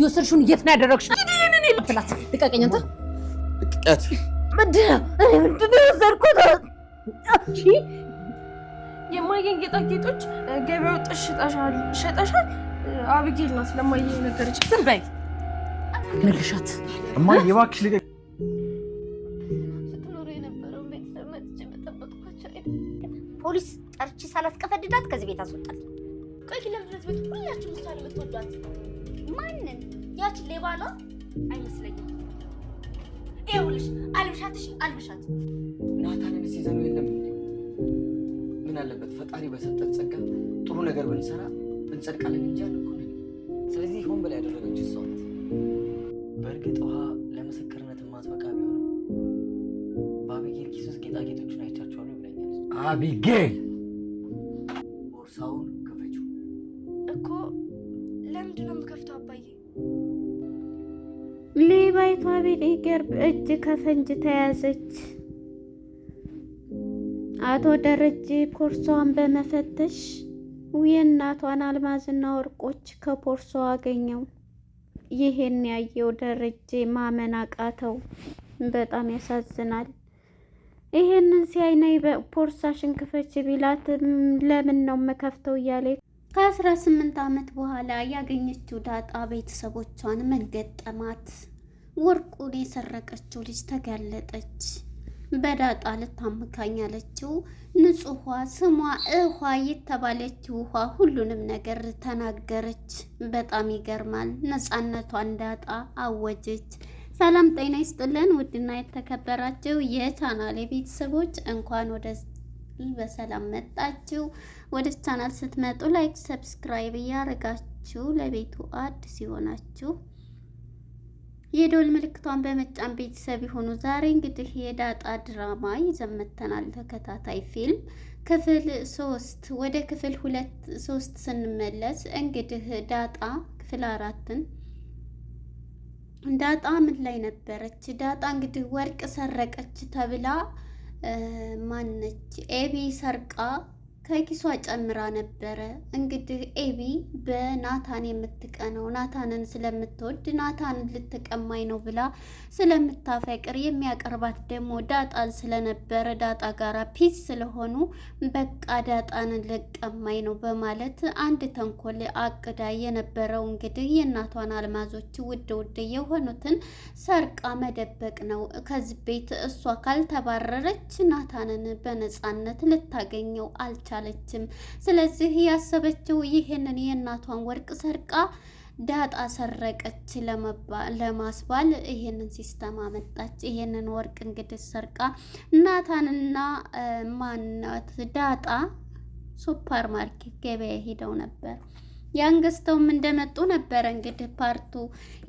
የወሰድሽውን የት ነው ያደረግሽው? ልቀቀኝ! አንተ ልቀቀት! ምንድን ነው የወሰድኩት? የማየን ጌጣጌጦች ገበያው ጥሽ ሸጠሻል። አብጌል ናት ለማየ ነገረች። ዝም በይ መልሻት። እማዬ እባክሽ ልቀቅ። ፖሊስ ጠርቼ ሳላስቀፈድዳት ከዚህ ቤት አስወጣለሁ። በኪ ሁላችሁ ምሳሌ የምትወዷት ማንን? ያችን ሌባ ነው አይመስለኝም። ይኸውልሽ አልብሻትሽ አልብሻት። ናታንን የለም። ምን አለበት ፈጣሪ በሰጠን ጸጋ ጥሩ ነገር ብንሰራ እንጸድቃለን እንጂ አለ። ስለዚህ ሆን ብላ በእርግጥ ውሃ ለምስክርነት ማጥበቃ ቢሆንም በአቢጌል ኪስ ውስጥ ጌጣጌጦችን አይቻቸዋለሁ ይብለኛል። አቢጌል ባለቤቷ ቢሊገርም እጅ ከፈንጅ ተያዘች። አቶ ደረጀ ፖርሷን በመፈተሽ የእናቷን አልማዝና ወርቆች ከፖርሷ አገኘው። ይሄን ያየው ደረጀ ማመን አቃተው። በጣም ያሳዝናል። ይሄንን ሲያይ ነይ ፖርሳሽን ክፈች ቢላት ለምን ነው መከፍተው እያለ ከአስራ ስምንት ዓመት በኋላ ያገኘችው ዳጣ ቤተሰቦቿን ምን ገጠማት? ወርቁን የሰረቀችው ልጅ ተጋለጠች። በዳጣ ልታምካኝ ያለችው። ንጹህ ስሟ እኋ የተባለች ውሃ ሁሉንም ነገር ተናገረች። በጣም ይገርማል። ነፃነቷን ዳጣ አወጀች። ሰላም ጤና ይስጥልን ውድና የተከበራችሁ የቻናል የቤተሰቦች እንኳን ወደ በሰላም መጣችሁ። ወደ ቻናል ስትመጡ ላይክ፣ ሰብስክራይብ እያደረጋችሁ ለቤቱ አዲስ ሲሆናችሁ የዶል ምልክቷን በመጫን ቤተሰብ የሆኑ ዛሬ እንግዲህ የዳጣ ድራማ ይዘን ተከታታይ ፊልም ክፍል ሶስት ወደ ክፍል ሁለት ሶስት ስንመለስ እንግዲህ ዳጣ ክፍል አራትን ዳጣ ምን ላይ ነበረች? ዳጣ እንግዲህ ወርቅ ሰረቀች ተብላ ማነች ኤቢ ሰርቃ ከኪሷ ጨምራ ነበረ። እንግዲህ ኤቢ በናታን የምትቀነው ናታንን ስለምትወድ ናታንን ልትቀማኝ ነው ብላ ስለምታፈቅር የሚያቀርባት ደግሞ ዳጣን ስለነበረ ዳጣ ጋር ፒስ ስለሆኑ በቃ ዳጣንን ልቀማኝ ነው በማለት አንድ ተንኮል አቅዳ የነበረው እንግዲህ የእናቷን አልማዞች ውድ ውድ የሆኑትን ሰርቃ መደበቅ ነው። ከዚህ ቤት እሷ ካልተባረረች ናታንን በነፃነት ልታገኘው አልቻ አልቻለችም። ስለዚህ ያሰበችው ይህንን የእናቷን ወርቅ ሰርቃ ዳጣ ሰረቀች ለማስባል ይሄንን ሲስተም አመጣች። ይሄንን ወርቅ እንግዲህ ሰርቃ ናታንና ማናት ዳጣ ሱፐር ማርኬት ገበያ ሄደው ነበር። ያን ገዝተውም እንደመጡ ነበረ እንግዲህ ፓርቱ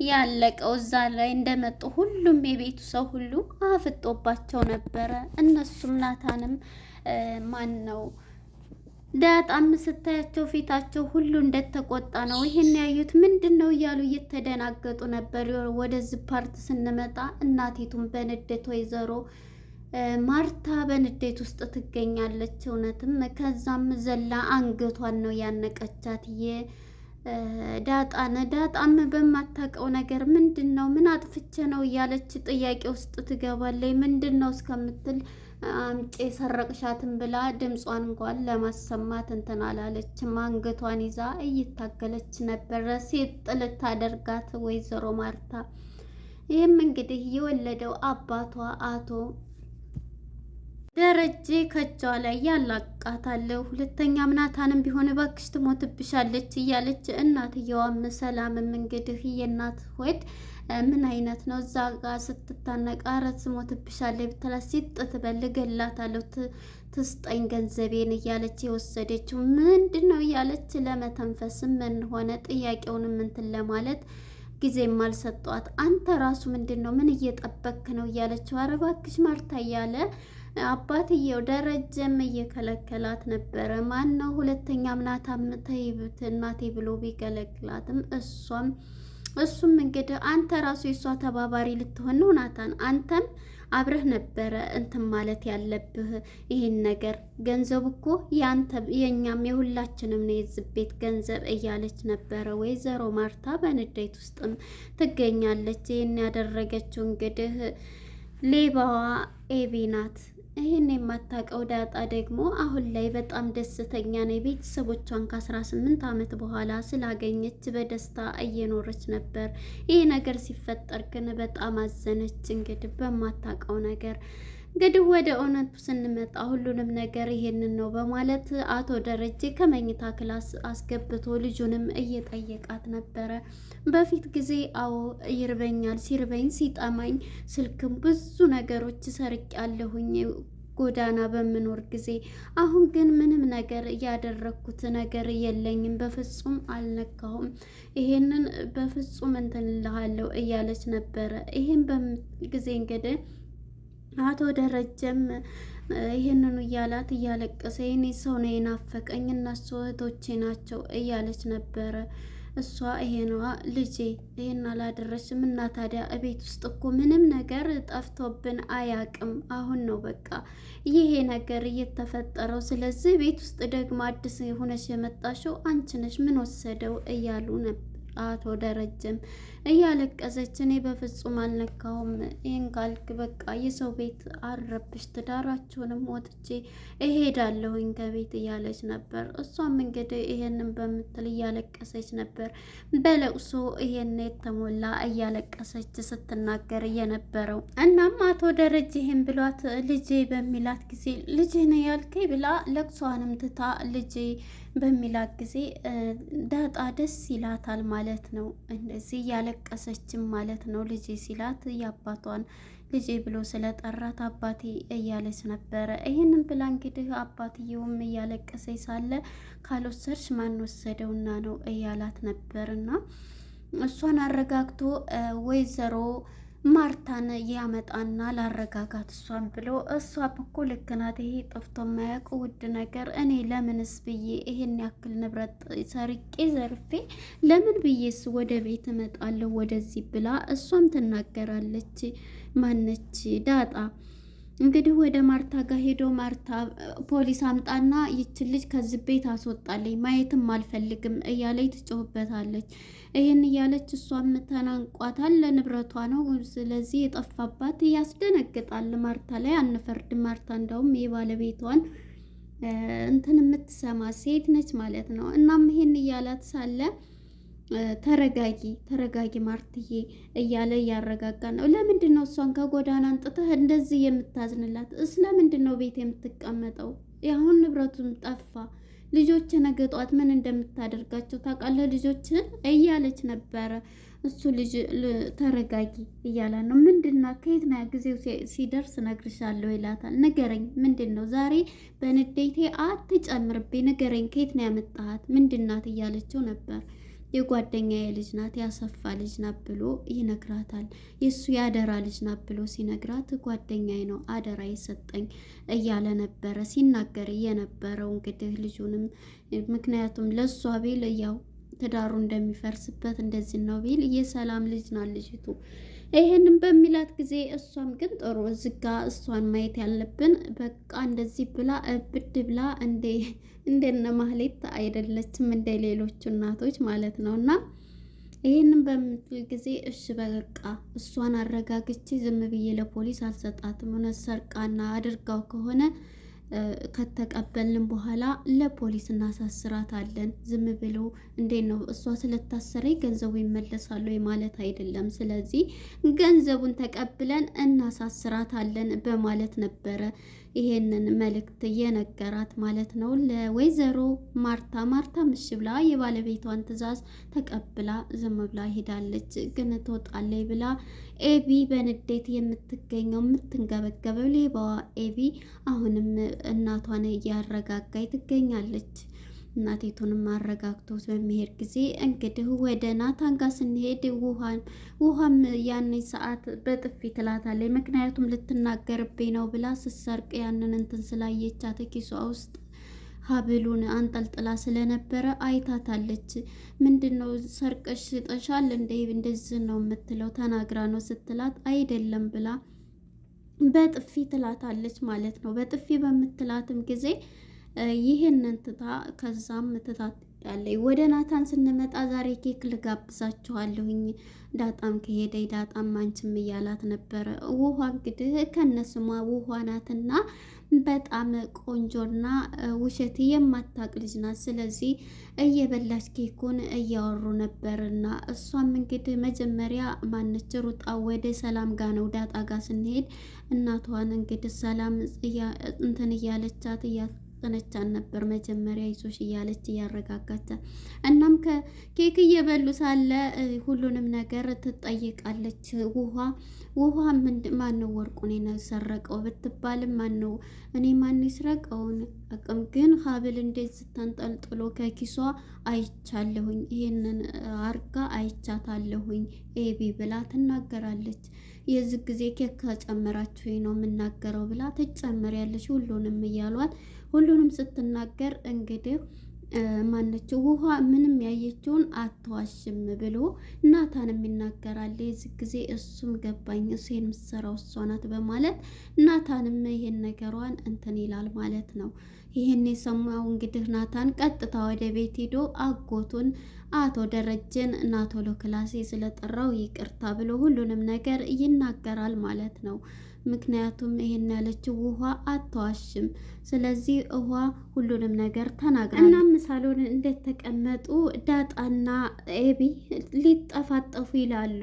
ያለቀው። እዛ ላይ እንደመጡ ሁሉም የቤቱ ሰው ሁሉ አፍጦባቸው ነበረ። እነሱም ናታንም ማን ነው ዳጣም ስታያቸው ፊታቸው ሁሉ እንደተቆጣ ነው። ይሄን ያዩት ምንድን ነው እያሉ እየተደናገጡ ነበር። ወደዚህ ፓርት ስንመጣ እናቲቱን በንዴት ወይዘሮ ማርታ በንዴት ውስጥ ትገኛለች። እውነትም ከዛም ዘላ አንገቷን ነው ያነቀቻት ዳጣን። ዳጣም በማታውቀው ነገር ምንድን ነው ምን አጥፍቼ ነው እያለች ጥያቄ ውስጥ ትገባለች። ምንድን ነው እስከምትል አምጪ ሰረቅሻትን ብላ ድምጿን እንኳን ለማሰማት እንትን አላለች። አንገቷን ይዛ እየታገለች ነበረ ሲጥ ልታደርጋት ወይዘሮ ማርታ። ይህም እንግዲህ የወለደው አባቷ አቶ ደረጀ ከእጇ ላይ ያላቃታለሁ። ሁለተኛ ምናታንም ቢሆን እባክሽ ትሞትብሻለች እያለች እናትየዋም ሰላምም እንግዲህ የእናት ሆድ ምን አይነት ነው እዛ ጋር ስትታነቅ አረት ስሞትብሻለች ብትላት ሲጥ ትበል ትስጠኝ ገንዘቤን እያለች የወሰደችው ምንድን ነው እያለች ለመተንፈስም ምን ሆነ ጥያቄውን ምንትን ለማለት ጊዜም አልሰጧት። አንተ ራሱ ምንድን ነው ምን እየጠበክ ነው እያለችው፣ ኧረ እባክሽ ማርታ እያለ አባትየው ደረጀም እየከለከላት ነበረ። ማን ነው ሁለተኛ ምናታ ተይብት እናቴ ብሎ ቢከለክላትም እሷም እሱም እንግዲህ አንተ ራሱ የእሷ ተባባሪ ልትሆን ነው ናታን አንተም አብረህ ነበረ እንትን ማለት ያለብህ ይህን ነገር ገንዘብ እኮ ያንተ የእኛም የሁላችንም ነው የዚህ ቤት ገንዘብ እያለች ነበረ ወይዘሮ ማርታ በንዴት ውስጥም ትገኛለች። ይህን ያደረገችው እንግዲህ ሌባዋ ኤቢ ናት። ይህን የማታውቀው ዳጣ ደግሞ አሁን ላይ በጣም ደስተኛ ነው። ቤተሰቦቿን ከ18 ዓመት በኋላ ስላገኘች በደስታ እየኖረች ነበር። ይህ ነገር ሲፈጠር ግን በጣም አዘነች። እንግዲህ በማታውቀው ነገር እንግዲህ ወደ እውነቱ ስንመጣ ሁሉንም ነገር ይሄንን ነው በማለት አቶ ደረጀ ከመኝታ ክላስ አስገብቶ ልጁንም እየጠየቃት ነበረ። በፊት ጊዜ አዎ ይርበኛል፣ ሲርበኝ ሲጠማኝ ስልክም ብዙ ነገሮች ሰርቅ ያለሁኝ ጎዳና በምኖር ጊዜ፣ አሁን ግን ምንም ነገር ያደረግኩት ነገር የለኝም፣ በፍጹም አልነካሁም፣ ይሄንን በፍጹም እንትንልሃለሁ እያለች ነበረ። ይሄን በምን ጊዜ እንግዲህ አቶ ደረጀም ይህንኑ እያላት እያለቀሰ የኔ ሰው ነው የናፈቀኝ፣ እነሱ እህቶቼ ናቸው እያለች ነበረ። እሷ ይሄነዋ ልጄ ይሄን አላደረሽም እና ታዲያ እቤት ውስጥ እኮ ምንም ነገር ጠፍቶብን አያቅም። አሁን ነው በቃ ይሄ ነገር እየተፈጠረው። ስለዚህ ቤት ውስጥ ደግሞ አዲስ ሆነሽ የመጣሽው አንቺ ነሽ፣ ምን ወሰደው እያሉ ነበር አቶ ደረጀም እያለቀሰች እኔ በፍጹም አልነካውም ይህን ካልክ በቃ የሰው ቤት አረብሽ፣ ትዳራችሁንም ወጥቼ እሄዳለሁኝ ከቤት እያለች ነበር። እሷም እንግዲህ ይሄንን በምትል እያለቀሰች ነበር። በለቅሶ ይሄን የተሞላ እያለቀሰች ስትናገር እየነበረው እናም አቶ ደረጀ ይህን ብሏት ልጄ በሚላት ጊዜ ልጄ ነው ያልከኝ ብላ ለቅሷንም ትታ ልጄ በሚላት ጊዜ ዳጣ ደስ ይላታል ማለት ነው እንደዚህ እያለ አለቀሰችም ማለት ነው። ልጄ ሲላት የአባቷን ልጄ ብሎ ስለጠራት አባቴ እያለች ነበረ። ይህንን ብላ እንግዲህ አባትየውም እያለቀሰ ሳለ ካልወሰድሽ ማን ወሰደውና ነው እያላት ነበር እሷን አረጋግቶ ወይዘሮ ማርታን ያመጣና ላረጋጋት እሷን ብሎ እሷ እኮ ልክ ናት። ይሄ ጠፍቶ የማያውቅ ውድ ነገር እኔ ለምንስ ብዬ ይሄን ያክል ንብረት ሰርቄ ዘርፌ ለምን ብዬስ ወደ ቤት እመጣለሁ ወደዚህ ብላ እሷም ትናገራለች። ማነች ዳጣ እንግዲህ ወደ ማርታ ጋር ሄዶ ማርታ ፖሊስ አምጣና ይችን ልጅ ከዚህ ቤት አስወጣለኝ ማየትም አልፈልግም እያለች ትጮህበታለች። ይህን እያለች እሷም ተናንቋታል። ለንብረቷ ነው። ስለዚህ የጠፋባት ያስደነግጣል። ማርታ ላይ አንፈርድ። ማርታ እንደውም የባለቤቷን እንትን የምትሰማ ሴት ነች ማለት ነው። እናም ይህን እያላት ሳለ ተረጋጊ ተረጋጊ ማርትዬ እያለ እያረጋጋ ነው። ለምንድን ነው እሷን ከጎዳና አንጥተህ እንደዚህ የምታዝንላት? ስለምንድን ነው ቤት የምትቀመጠው? የአሁን ንብረቱን ጠፋ። ልጆች ነገ ጠዋት ምን እንደምታደርጋቸው ታውቃለህ? ልጆችን እያለች ነበረ። እሱ ልጅ ተረጋጊ እያለ ነው። ምንድና ከየት ነው? ጊዜው ሲደርስ እነግርሻለሁ ይላታል። ንገረኝ፣ ምንድን ነው ዛሬ በንዴቴ አትጨምርብኝ፣ ንገረኝ፣ ከየት ነው ያመጣሃት? ምንድናት እያለችው ነበር የጓደኛዬ ልጅ ናት ያሰፋ ልጅ ናት ብሎ ይነግራታል። የእሱ የአደራ ልጅ ናት ብሎ ሲነግራት ጓደኛዬ ነው አደራ የሰጠኝ እያለ ነበረ ሲናገር የነበረው እንግዲህ ልጁንም ምክንያቱም ለእሷ ቤል ያው ትዳሩ እንደሚፈርስበት እንደዚህ ነው ቤል የሰላም ልጅ ናት ልጅቱ ይህንም በሚላት ጊዜ እሷም ግን ጥሩ እዝጋ እሷን ማየት ያለብን በቃ እንደዚህ ብላ እብድ ብላ እንደ እንደነ ማህሌት አይደለችም እንደ ሌሎቹ እናቶች ማለት ነው እና ይህንን በምትል ጊዜ እሺ በቃ እሷን አረጋግቼ ዝም ብዬ ለፖሊስ አልሰጣትም። እውነት ሰርቃና አድርጋው ከሆነ ከተቀበልን በኋላ ለፖሊስ እናሳስራታለን። ዝም ብሎ እንዴት ነው እሷ ስለታሰረ ገንዘቡ ይመለሳሉ ማለት አይደለም። ስለዚህ ገንዘቡን ተቀብለን እናሳስራታለን በማለት ነበረ ይሄንን መልእክት የነገራት ማለት ነው ለወይዘሮ ማርታ። ማርታ እሺ ብላ የባለቤቷን ትዕዛዝ ተቀብላ ዝም ብላ ሄዳለች። ግን ትወጣለች ብላ ኤቢ በንዴት የምትገኘው የምትንገበገበው ሌባዋ ኤቢ አሁንም እናቷን እያረጋጋይ ትገኛለች። እናቴቱንም አረጋግቶት በሚሄድ ጊዜ እንግዲህ ወደ ናታን ጋር ስንሄድ ውሃም ያን ሰዓት በጥፊ ትላታለች። ምክንያቱም ልትናገርብኝ ነው ብላ ስሰርቅ ያንን እንትን ስላየቻት ኪሷ ውስጥ ሀብሉን አንጠልጥላ ስለነበረ አይታታለች። ምንድን ነው ሰርቀሽ ስጠሻል እንደ እንደዚህ ነው የምትለው ተናግራ ነው ስትላት አይደለም ብላ በጥፊ ትላታለች ማለት ነው። በጥፊ በምትላትም ጊዜ ይህንን ትታ ከዛም ትታት ያለኝ ወደ ናታን ስንመጣ ዛሬ ኬክ ልጋብዛችኋለሁኝ ዳጣም ከሄደ ዳጣም አንችም እያላት ነበረ። ውሃ እንግዲህ ከነስሟ ውሃ ናትና በጣም ቆንጆና ውሸት የማታቅ ልጅ ናት። ስለዚህ እየበላች ኬኩን እያወሩ ነበርና እሷም እንግዲህ መጀመሪያ ማነች ሩጣ ወደ ሰላም ጋ ነው ዳጣ ጋ ስንሄድ እናቷን እንግዲህ ሰላም እንትን እያለቻት እያ እያስጠነቻን ነበር መጀመሪያ ይዞሽ እያለች እያረጋጋች። እናም ከኬክ እየበሉ ሳለ ሁሉንም ነገር ትጠይቃለች። ውሃ ውሃ ማነው ወርቁን የሰረቀው ብትባልም ማነው እኔ ማን ይስረቀውን አቅም ግን ሀብል እንዴት ስታንጠልጥሎ ከኪሷ አይቻለሁኝ፣ ይሄንን አርጋ አይቻታለሁኝ ኤቢ ብላ ትናገራለች። የዚህ ጊዜ ኬክ ከጨመራችሁ ነው የምናገረው ብላ ትጨምር ያለች ሁሉንም እያሏት ሁሉንም ስትናገር እንግዲህ ማነችው ውሃ ምንም ያየችውን አትዋሽም ብሎ ናታንም ይናገራል። የዚህ ጊዜ እሱም ገባኝ እሱ የምትሰራው እሷ ናት በማለት ናታንም ይሄን ነገሯን እንትን ይላል ማለት ነው። ይህን የሰማው እንግዲህ ናታን ቀጥታ ወደ ቤት ሄዶ አጎቱን አቶ ደረጀን ናቶሎ ክላሴ ስለጠራው ይቅርታ ብሎ ሁሉንም ነገር ይናገራል ማለት ነው። ምክንያቱም ይሄን ያለችው ውሃ አትዋሽም። ስለዚህ ውሃ ሁሉንም ነገር ተናግራል። እናም ሳሎን እንደተቀመጡ ዳጣና ኤቢ ሊጠፋጠፉ ይላሉ።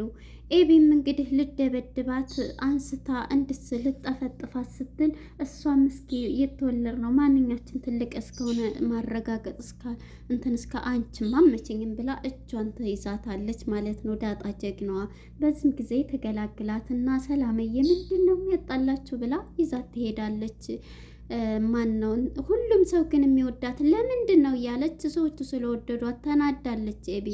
ኤቢም እንግዲህ ልደበድባት አንስታ እንድስ ልጠፈጥፋት ስትል እሷም እስኪ የተወለድ ነው ማንኛችን ትልቅ እስከሆነ ማረጋገጥ እስካ እንትን እስከ አንቺማ አመችኝም ብላ እጇን ትይዛታለች ማለት ነው። ዳጣ ጀግናዋ በዚህም ጊዜ ተገላግላትና ሰላምዬ ምንድን ነው የሚያጣላችሁ ብላ ይዛት ትሄዳለች። ማን ነው ሁሉም ሰው ግን የሚወዳት ለምንድን ነው እያለች ሰዎቹ ስለወደዷት ተናዳለች። ኤቢ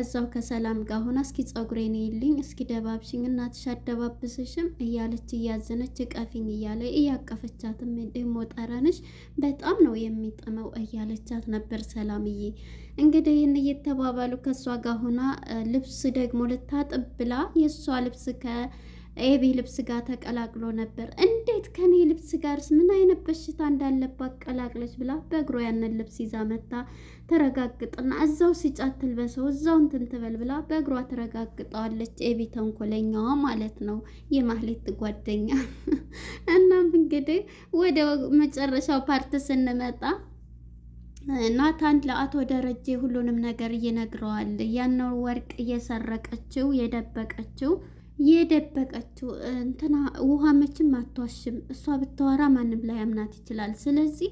እዛው ከሰላም ጋር ሆና እስኪ ጸጉሬን ይልኝ እስኪ ደባብሽኝ እናትሽ አደባብስሽም እያለች እያዘነች ቀፊኝ እያለ እያቀፈቻትም ደግሞ ጠረንሽ በጣም ነው የሚጥመው እያለቻት ነበር። ሰላምዬ እንግዲህ ይህን እየተባባሉ ከእሷ ጋር ሆና ልብስ ደግሞ ልታጥብ ብላ የእሷ ልብስ ከ ኤቢ ልብስ ጋር ተቀላቅሎ ነበር። እንዴት ከኔ ልብስ ጋርስ ምን አይነት በሽታ እንዳለባት ቀላቅለች ብላ በእግሯ ያንን ልብስ ይዛ መታ ተረጋግጥና እዛው ሲጫት ትልበሰው እዛው እንትን ትበል ብላ በእግሯ ተረጋግጠዋለች። ኤቢ ተንኮለኛዋ ማለት ነው የማህሌት ጓደኛ። እናም እንግዲህ ወደ መጨረሻው ፓርት ስንመጣ ናታን ለአቶ ደረጀ ሁሉንም ነገር ይነግረዋል። ያነው ወርቅ እየሰረቀችው የደበቀችው የደበቀችው እንትና ውሃ መችም አትዋሽም። እሷ ብታወራ ማንም ላይ አምናት ይችላል። ስለዚህ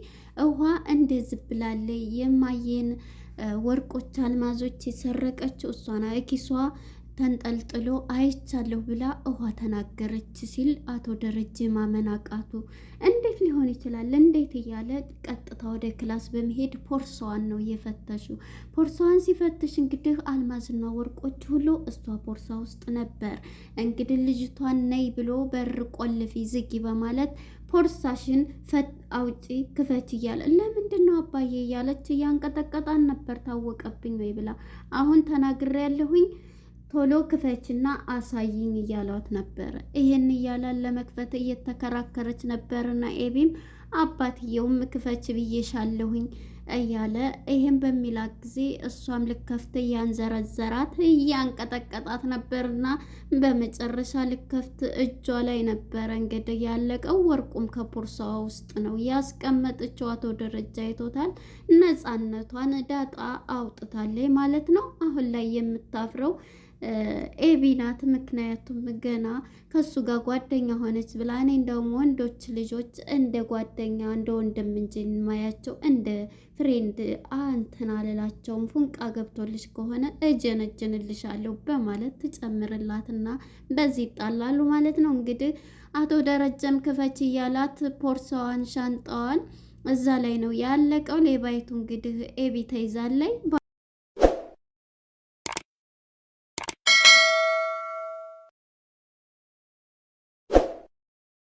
ውሃ እንደዚህ ብላለች። የማየን ወርቆች አልማዞች የሰረቀችው እሷና ኪሷ ተንጠልጥሎ አይቻለሁ ብላ ውሃ ተናገረች ሲል አቶ ደረጀ ማመን አቃቱ። እንዴት ሊሆን ይችላል? እንዴት እያለ ቀጥታ ወደ ክላስ በመሄድ ፖርሳዋን ነው እየፈተሹ። ፖርሳዋን ሲፈትሽ እንግዲህ አልማዝና ወርቆች ሁሉ እሷ ፖርሳ ውስጥ ነበር። እንግዲህ ልጅቷን ነይ ብሎ በር ቆልፊ፣ ዝጊ በማለት ፖርሳሽን አውጪ፣ ክፈች እያለ ለምንድን ነው አባዬ እያለች እያንቀጠቀጣን ነበር። ታወቀብኝ ወይ ብላ አሁን ተናግሬ ያለሁኝ ቶሎ ክፈችና አሳይኝ እያሏት ነበረ። ይሄን እያላን ለመክፈት እየተከራከረች ነበርና ኤቢም አባትየውም ክፈች ብዬሻለሁኝ እያለ ይሄን በሚላት ጊዜ እሷም ልከፍት እያንዘረዘራት እያንቀጠቀጣት ነበርና በመጨረሻ ልከፍት እጇ ላይ ነበረ እንግዲህ ያለቀው። ወርቁም ከቦርሳዋ ውስጥ ነው ያስቀመጠችው። አቶ ደረጃ አይቶታል። ነፃነቷን ዳጣ አውጥታለች ማለት ነው። አሁን ላይ የምታፍረው ኤቢ ናት። ምክንያቱም ገና ከሱ ጋር ጓደኛ ሆነች ብላ እኔ እንደውም ወንዶች ልጆች እንደ ጓደኛ እንደ ወንድም እንጂ ማያቸው እንደ ፍሬንድ አንተን አልላቸውም፣ ፉንቃ ገብቶልሽ ከሆነ እጀነጀንልሻለሁ በማለት ትጨምርላትና በዚህ ይጣላሉ ማለት ነው። እንግዲህ አቶ ደረጀም ክፈች እያላት ፖርሳዋን፣ ሻንጣዋን እዛ ላይ ነው ያለቀው። ሌባይቱ እንግዲህ ኤቢ ተይዛለኝ